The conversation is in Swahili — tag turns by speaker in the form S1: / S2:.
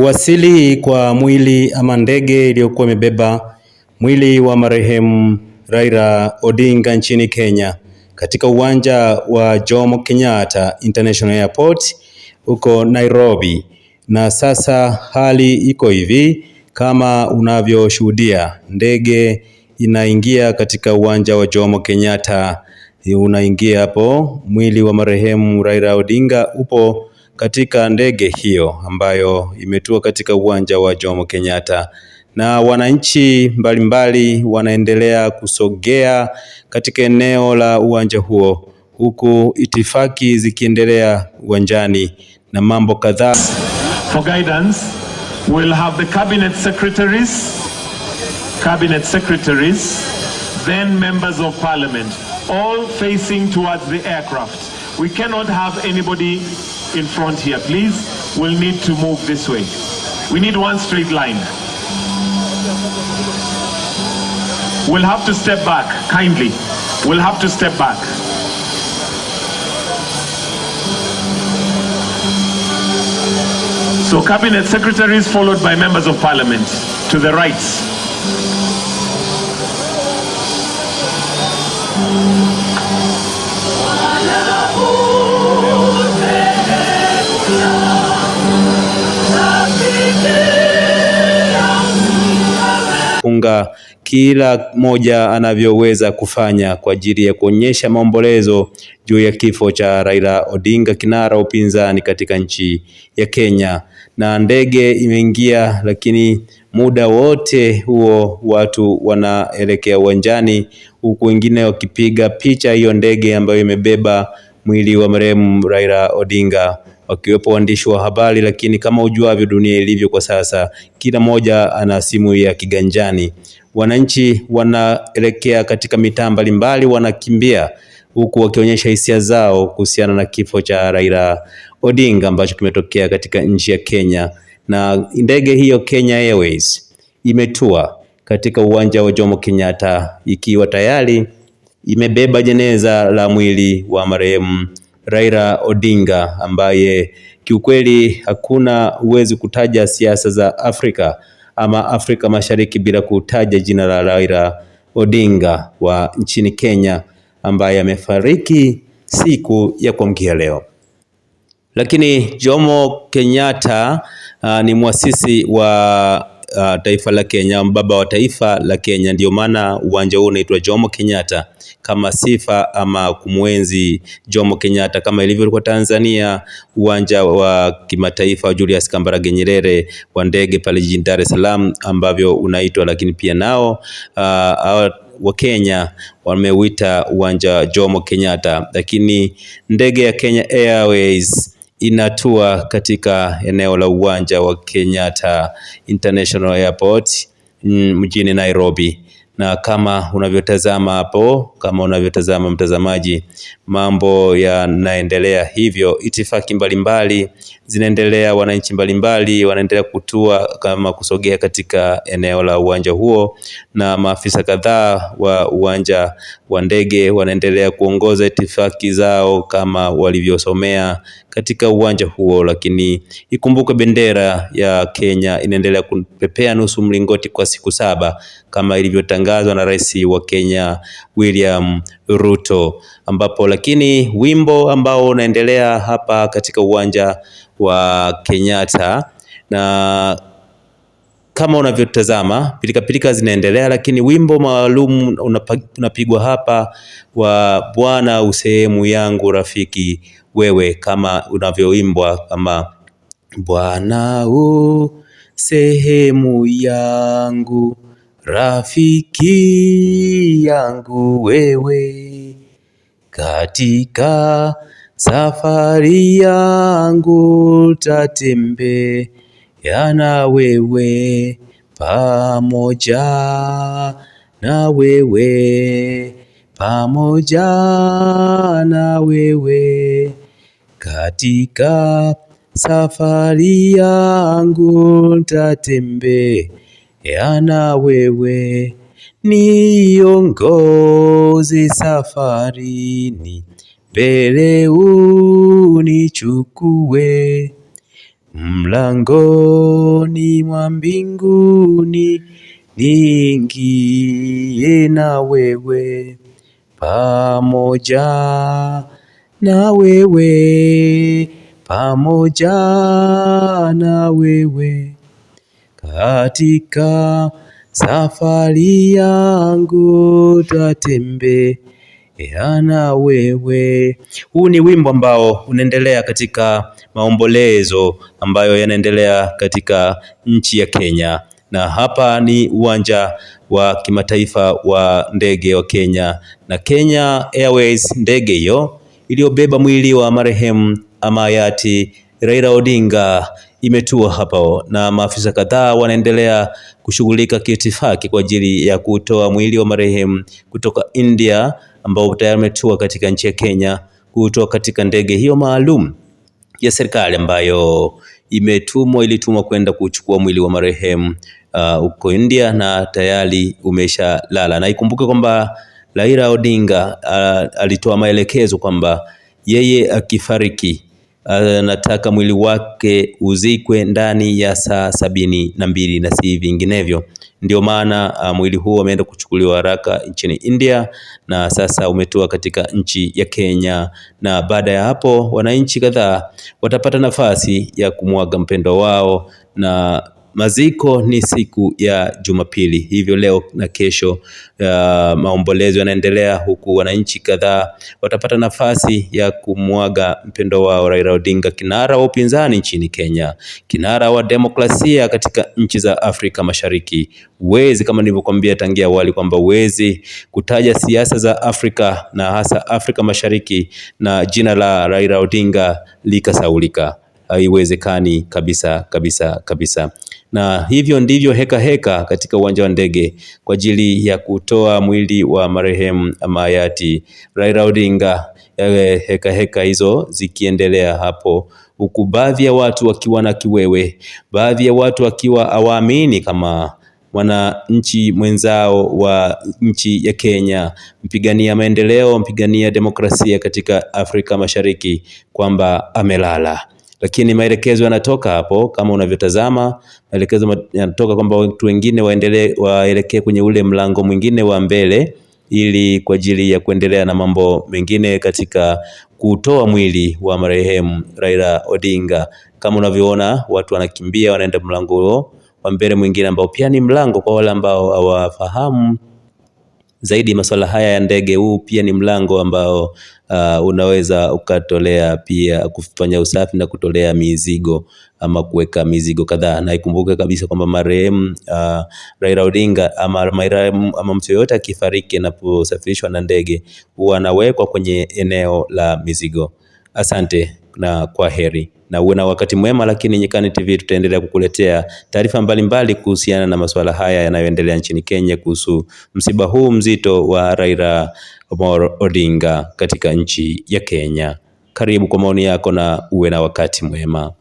S1: Kuwasili kwa mwili ama ndege iliyokuwa imebeba mwili wa marehemu Raila Odinga nchini Kenya katika uwanja wa Jomo Kenyatta International Airport huko Nairobi. Na sasa hali iko hivi kama unavyoshuhudia, ndege inaingia katika uwanja wa Jomo Kenyatta, unaingia hapo. Mwili wa marehemu Raila Odinga upo katika ndege hiyo ambayo imetua katika uwanja wa Jomo Kenyatta na wananchi mbalimbali mbali wanaendelea kusogea katika eneo la uwanja huo huku itifaki zikiendelea uwanjani na mambo kadhaa.
S2: For guidance we'll have the cabinet secretaries cabinet secretaries then members of parliament all facing towards the aircraft. We cannot have anybody in front here, please. We'll need to move this way. We need one straight line. We'll have to step back, kindly. We'll have to step back. So cabinet secretaries followed by members of parliament to the right.
S1: unga kila mmoja anavyoweza kufanya kwa ajili ya kuonyesha maombolezo juu ya kifo cha Raila Odinga, kinara upinzani katika nchi ya Kenya. Na ndege imeingia, lakini muda wote huo watu wanaelekea uwanjani, huku wengine wakipiga picha hiyo ndege ambayo imebeba mwili wa marehemu Raila Odinga wakiwepo waandishi wa habari, lakini kama ujuavyo dunia ilivyo kwa sasa, kila mmoja ana simu ya kiganjani. Wananchi wanaelekea katika mitaa mbalimbali, wanakimbia huku wakionyesha hisia zao kuhusiana na kifo cha Raila Odinga ambacho kimetokea katika nchi ya Kenya, na ndege hiyo Kenya Airways imetua katika uwanja wa Jomo Kenyatta ikiwa tayari imebeba jeneza la mwili wa marehemu Raila Odinga ambaye kiukweli hakuna uwezi kutaja siasa za Afrika ama Afrika Mashariki bila kutaja jina la Raila Odinga wa nchini Kenya ambaye amefariki siku ya kuamkia leo. Lakini Jomo Kenyatta uh, ni mwasisi wa uh, taifa la Kenya, baba wa taifa la Kenya. Ndio maana uwanja huu unaitwa Jomo Kenyatta kama sifa ama kumwenzi Jomo Kenyatta, kama ilivyokuwa Tanzania uwanja wa kimataifa wa Julius Kambarage Nyerere wa ndege pale jijini Dar es Salaam ambavyo unaitwa, lakini pia nao uh, wa Kenya wameuita uwanja Jomo Kenyatta, lakini ndege ya Kenya Airways inatua katika eneo la uwanja wa Kenyatta International Airport mm, mjini Nairobi na kama unavyotazama hapo, kama unavyotazama mtazamaji, mambo yanaendelea hivyo, itifaki mbalimbali zinaendelea, wananchi mbalimbali wanaendelea kutua kama kusogea katika eneo la uwanja huo, na maafisa kadhaa wa uwanja wa ndege wanaendelea kuongoza itifaki zao kama walivyosomea katika uwanja huo, lakini ikumbuke bendera ya Kenya inaendelea kupepea nusu mlingoti kwa siku saba kama ilivyotangazwa na Rais wa Kenya William Ruto, ambapo lakini wimbo ambao unaendelea hapa katika uwanja wa Kenyatta na kama unavyotazama pilikapilika zinaendelea, lakini wimbo maalum unapigwa hapa wa Bwana usehemu yangu rafiki wewe, kama unavyoimbwa kama Bwana u sehemu yangu rafiki yangu wewe, katika safari yangu tatembea ya na wewe pamoja na wewe pamoja na wewe katika safari yangu ntatembea na wewe, niongoze safarini, mbele unichukue mlangoni mwa mbinguni, niingie na wewe pamoja na wewe pamoja na wewe katika safari yangu tatembea peana wewe. Huu ni wimbo ambao unaendelea katika maombolezo ambayo yanaendelea katika nchi ya Kenya, na hapa ni uwanja wa kimataifa wa ndege wa Kenya, na Kenya Airways ndege hiyo iliyobeba mwili wa marehemu ama hayati Raila Odinga imetua hapo na maafisa kadhaa wanaendelea kushughulika kiitifaki kwa ajili ya kutoa mwili wa marehemu kutoka India ambao tayari umetua katika nchi ya Kenya kutoka katika ndege hiyo maalum ya serikali ambayo imetumwa ilitumwa kwenda kuchukua mwili wa marehemu huko uh, India na tayari umeshalala. Na ikumbuke kwamba Raila Odinga uh, alitoa maelekezo kwamba yeye akifariki anataka eh, mwili wake uzikwe ndani ya saa sabini na mbili na si vinginevyo. Ndio maana eh, mwili huo ameenda kuchukuliwa haraka nchini India na sasa umetua katika nchi ya Kenya, na baada ya hapo wananchi kadhaa watapata nafasi ya kumwaga mpendo wao na maziko ni siku ya Jumapili, hivyo leo na kesho uh, maombolezo yanaendelea, huku wananchi kadhaa watapata nafasi ya kumwaga mpendo wao Raila Odinga, kinara wa upinzani nchini Kenya, kinara wa demokrasia katika nchi za Afrika Mashariki. Wezi kama nilivyokuambia tangia awali kwamba wezi kutaja siasa za Afrika na hasa Afrika Mashariki na jina la Raila Odinga likasaulika, haiwezekani kabisa kabisa kabisa na hivyo ndivyo heka heka katika uwanja wa ndege kwa ajili ya kutoa mwili wa marehemu mayati Raila Odinga. Eh, heka heka hizo zikiendelea hapo, huku baadhi ya watu wakiwa na kiwewe, baadhi ya watu wakiwa hawaamini kama mwananchi mwenzao wa nchi ya Kenya, mpigania maendeleo, mpigania demokrasia katika Afrika Mashariki kwamba amelala lakini maelekezo yanatoka hapo, kama unavyotazama, maelekezo yanatoka kwamba watu wengine waendelee, waelekee kwenye ule mlango mwingine wa mbele ili kwa ajili ya kuendelea na mambo mengine katika kutoa mwili wa marehemu Raila Odinga. Kama unavyoona watu wanakimbia, wanaenda mlango huo wa mbele mwingine ambao pia ni mlango kwa wale ambao hawafahamu zaidi masuala haya ya ndege, huu pia ni mlango ambao uh, unaweza ukatolea pia kufanya usafi na kutolea mizigo ama kuweka mizigo kadhaa, na ikumbuke kabisa kwamba marehemu uh, Raila Odinga ama marehemu ama mtu yoyote akifariki anaposafirishwa na ndege huwa anawekwa kwenye eneo la mizigo. Asante na kwa heri na uwe na wakati mwema. Lakini Nyikani TV tutaendelea kukuletea taarifa mbalimbali kuhusiana na masuala haya yanayoendelea nchini Kenya kuhusu msiba huu mzito wa Raila Amolo Odinga katika nchi ya Kenya. Karibu kwa maoni yako na uwe na wakati mwema.